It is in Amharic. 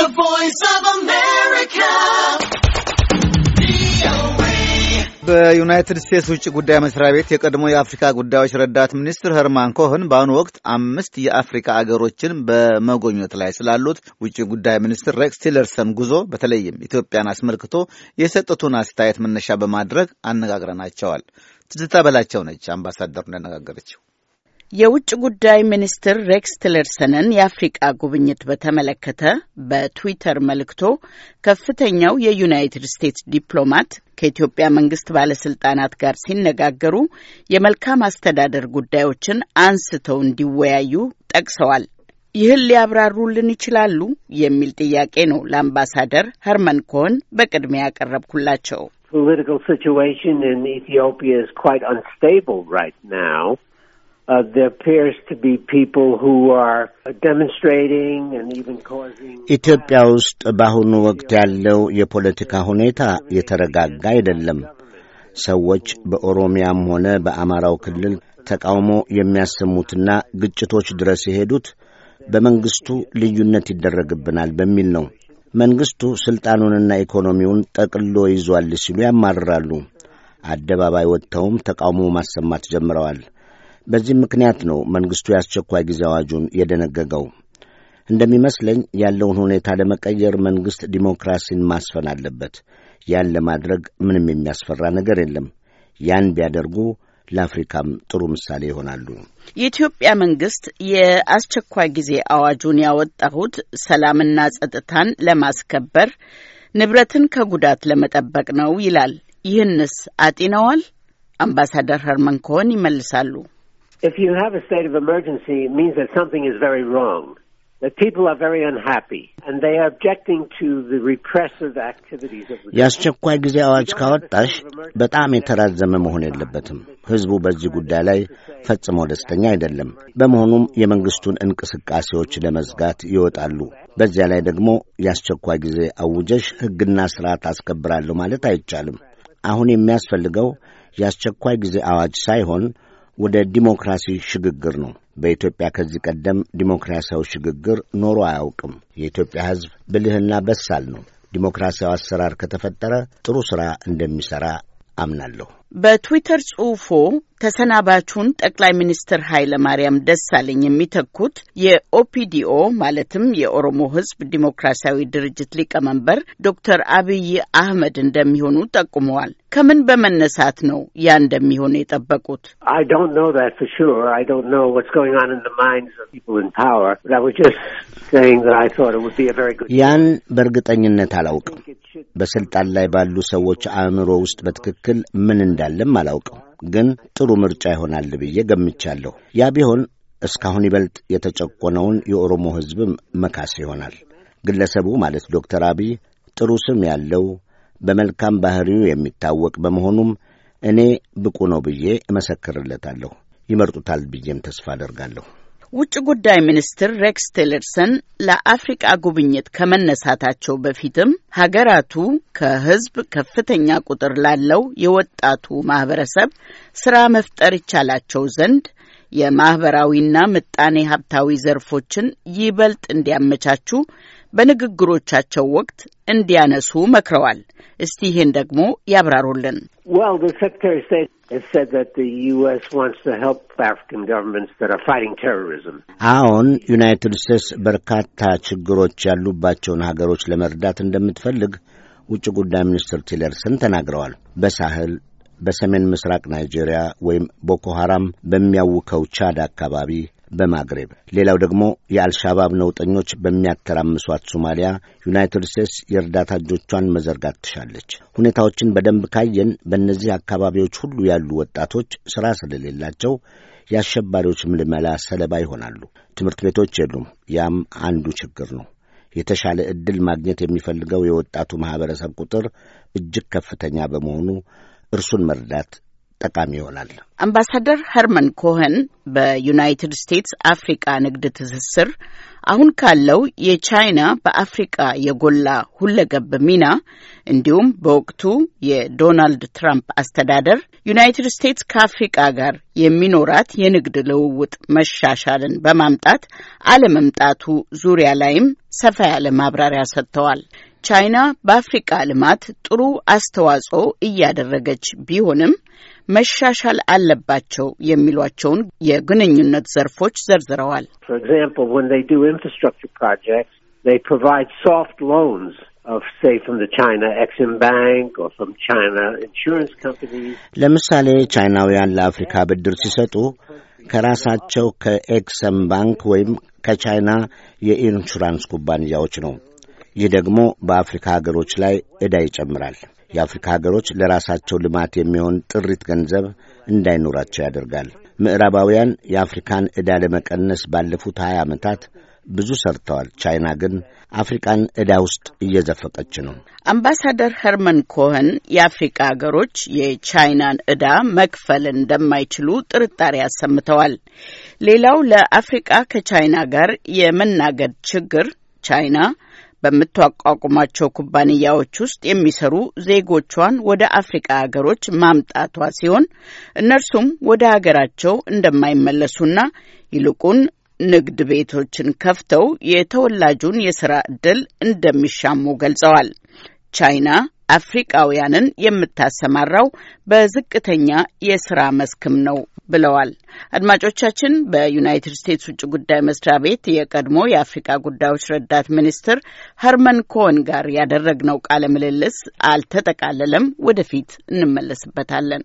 The Voice of America. በዩናይትድ ስቴትስ ውጭ ጉዳይ መስሪያ ቤት የቀድሞ የአፍሪካ ጉዳዮች ረዳት ሚኒስትር ሄርማን ኮህን በአሁኑ ወቅት አምስት የአፍሪካ አገሮችን በመጎብኘት ላይ ስላሉት ውጭ ጉዳይ ሚኒስትር ሬክስ ቲለርሰን ጉዞ በተለይም ኢትዮጵያን አስመልክቶ የሰጡትን አስተያየት መነሻ በማድረግ አነጋግረናቸዋል። ትዝታ በላቸው ነች አምባሳደሩን ያነጋገረችው። የውጭ ጉዳይ ሚኒስትር ሬክስ ቲለርሰንን የአፍሪቃ ጉብኝት በተመለከተ በትዊተር መልእክቶ ከፍተኛው የዩናይትድ ስቴትስ ዲፕሎማት ከኢትዮጵያ መንግስት ባለስልጣናት ጋር ሲነጋገሩ የመልካም አስተዳደር ጉዳዮችን አንስተው እንዲወያዩ ጠቅሰዋል። ይህን ሊያብራሩልን ይችላሉ የሚል ጥያቄ ነው ለአምባሳደር ሀርመን ኮሆን በቅድሚያ ያቀረብኩላቸው። Uh, ኢትዮጵያ ውስጥ በአሁኑ ወቅት ያለው የፖለቲካ ሁኔታ የተረጋጋ አይደለም። ሰዎች በኦሮሚያም ሆነ በአማራው ክልል ተቃውሞ የሚያሰሙትና ግጭቶች ድረስ የሄዱት በመንግሥቱ ልዩነት ይደረግብናል በሚል ነው። መንግሥቱ ሥልጣኑንና ኢኮኖሚውን ጠቅሎ ይዟል ሲሉ ያማርራሉ። አደባባይ ወጥተውም ተቃውሞ ማሰማት ጀምረዋል። በዚህም ምክንያት ነው መንግሥቱ የአስቸኳይ ጊዜ አዋጁን የደነገገው። እንደሚመስለኝ ያለውን ሁኔታ ለመቀየር መንግሥት ዲሞክራሲን ማስፈን አለበት። ያን ለማድረግ ምንም የሚያስፈራ ነገር የለም። ያን ቢያደርጉ ለአፍሪካም ጥሩ ምሳሌ ይሆናሉ። የኢትዮጵያ መንግስት የአስቸኳይ ጊዜ አዋጁን ያወጣሁት ሰላምና ጸጥታን ለማስከበር፣ ንብረትን ከጉዳት ለመጠበቅ ነው ይላል። ይህንስ አጢነዋል? አምባሳደር ሀርመን ከሆን ይመልሳሉ። if you have a state of emergency, it means that something is very wrong. የአስቸኳይ ጊዜ አዋጅ ካወጣሽ በጣም የተራዘመ መሆን የለበትም። ሕዝቡ በዚህ ጉዳይ ላይ ፈጽሞ ደስተኛ አይደለም። በመሆኑም የመንግስቱን እንቅስቃሴዎች ለመዝጋት ይወጣሉ። በዚያ ላይ ደግሞ የአስቸኳይ ጊዜ አውጀሽ ሕግና ስርዓት አስከብራለሁ ማለት አይቻልም። አሁን የሚያስፈልገው የአስቸኳይ ጊዜ አዋጅ ሳይሆን ወደ ዲሞክራሲ ሽግግር ነው። በኢትዮጵያ ከዚህ ቀደም ዲሞክራሲያዊ ሽግግር ኖሮ አያውቅም። የኢትዮጵያ ሕዝብ ብልህና በሳል ነው። ዲሞክራሲያዊ አሰራር ከተፈጠረ ጥሩ ሥራ እንደሚሠራ አምናለሁ። በትዊተር ጽሑፎ ተሰናባቹን ጠቅላይ ሚኒስትር ኃይለ ማርያም ደሳለኝ የሚተኩት የኦፒዲኦ ማለትም የኦሮሞ ሕዝብ ዲሞክራሲያዊ ድርጅት ሊቀመንበር ዶክተር አብይ አህመድ እንደሚሆኑ ጠቁመዋል። ከምን በመነሳት ነው ያ እንደሚሆን የጠበቁት? ያን በእርግጠኝነት አላውቅም። በስልጣን ላይ ባሉ ሰዎች አእምሮ ውስጥ በትክክል ምን እንዳለም አላውቅም፣ ግን ጥሩ ምርጫ ይሆናል ብዬ ገምቻለሁ። ያ ቢሆን እስካሁን ይበልጥ የተጨቆነውን የኦሮሞ ሕዝብም መካስ ይሆናል። ግለሰቡ ማለት ዶክተር አብይ ጥሩ ስም ያለው በመልካም ባህሪው የሚታወቅ በመሆኑም እኔ ብቁ ነው ብዬ እመሰክርለታለሁ። ይመርጡታል ብዬም ተስፋ አደርጋለሁ። ውጭ ጉዳይ ሚኒስትር ሬክስ ቲለርሰን ለአፍሪቃ ጉብኝት ከመነሳታቸው በፊትም ሀገራቱ ከህዝብ ከፍተኛ ቁጥር ላለው የወጣቱ ማህበረሰብ ስራ መፍጠር ይቻላቸው ዘንድ የማህበራዊና ምጣኔ ሀብታዊ ዘርፎችን ይበልጥ እንዲያመቻቹ በንግግሮቻቸው ወቅት እንዲያነሱ መክረዋል። እስቲ ይህን ደግሞ ያብራሩልን። አዎን፣ ዩናይትድ ስቴትስ በርካታ ችግሮች ያሉባቸውን ሀገሮች ለመርዳት እንደምትፈልግ ውጭ ጉዳይ ሚኒስትር ቲለርሰን ተናግረዋል። በሳህል በሰሜን ምስራቅ ናይጄሪያ ወይም ቦኮ ሐራም በሚያውከው ቻድ አካባቢ በማግሬብ ሌላው ደግሞ የአልሻባብ ነውጠኞች በሚያተራምሷት ሶማሊያ ዩናይትድ ስቴትስ የእርዳታ እጆቿን መዘርጋት ትሻለች። ሁኔታዎችን በደንብ ካየን በእነዚህ አካባቢዎች ሁሉ ያሉ ወጣቶች ሥራ ስለሌላቸው የአሸባሪዎች ምልመላ ሰለባ ይሆናሉ። ትምህርት ቤቶች የሉም። ያም አንዱ ችግር ነው። የተሻለ ዕድል ማግኘት የሚፈልገው የወጣቱ ማኅበረሰብ ቁጥር እጅግ ከፍተኛ በመሆኑ እርሱን መርዳት ጠቃሚ ይሆናል። አምባሳደር ሀርመን ኮኸን በዩናይትድ ስቴትስ አፍሪቃ ንግድ ትስስር አሁን ካለው የቻይና በአፍሪቃ የጎላ ሁለገብ ሚና እንዲሁም በወቅቱ የዶናልድ ትራምፕ አስተዳደር ዩናይትድ ስቴትስ ከአፍሪቃ ጋር የሚኖራት የንግድ ልውውጥ መሻሻልን በማምጣት አለመምጣቱ ዙሪያ ላይም ሰፋ ያለ ማብራሪያ ሰጥተዋል። ቻይና በአፍሪቃ ልማት ጥሩ አስተዋጽኦ እያደረገች ቢሆንም መሻሻል አለባቸው የሚሏቸውን የግንኙነት ዘርፎች ዘርዝረዋል። ለምሳሌ ቻይናውያን ለአፍሪካ ብድር ሲሰጡ ከራሳቸው ከኤክሰም ባንክ ወይም ከቻይና የኢንሹራንስ ኩባንያዎች ነው ይህ ደግሞ በአፍሪካ ሀገሮች ላይ ዕዳ ይጨምራል። የአፍሪካ ሀገሮች ለራሳቸው ልማት የሚሆን ጥሪት ገንዘብ እንዳይኖራቸው ያደርጋል። ምዕራባውያን የአፍሪካን ዕዳ ለመቀነስ ባለፉት ሀያ ዓመታት ብዙ ሰርተዋል። ቻይና ግን አፍሪካን ዕዳ ውስጥ እየዘፈቀች ነው። አምባሳደር ሄርመን ኮኸን የአፍሪካ አገሮች የቻይናን ዕዳ መክፈል እንደማይችሉ ጥርጣሬ አሰምተዋል። ሌላው ለአፍሪቃ ከቻይና ጋር የመናገድ ችግር ቻይና በምታቋቁማቸው ኩባንያዎች ውስጥ የሚሰሩ ዜጎቿን ወደ አፍሪቃ ሀገሮች ማምጣቷ ሲሆን እነርሱም ወደ ሀገራቸው እንደማይመለሱና ይልቁን ንግድ ቤቶችን ከፍተው የተወላጁን የስራ ዕድል እንደሚሻሙ ገልጸዋል። ቻይና አፍሪቃውያንን የምታሰማራው በዝቅተኛ የስራ መስክም ነው ብለዋል። አድማጮቻችን፣ በዩናይትድ ስቴትስ ውጭ ጉዳይ መስሪያ ቤት የቀድሞ የአፍሪቃ ጉዳዮች ረዳት ሚኒስትር ሀርመን ኮን ጋር ያደረግነው ቃለ ምልልስ አልተጠቃለለም። ወደፊት እንመለስበታለን።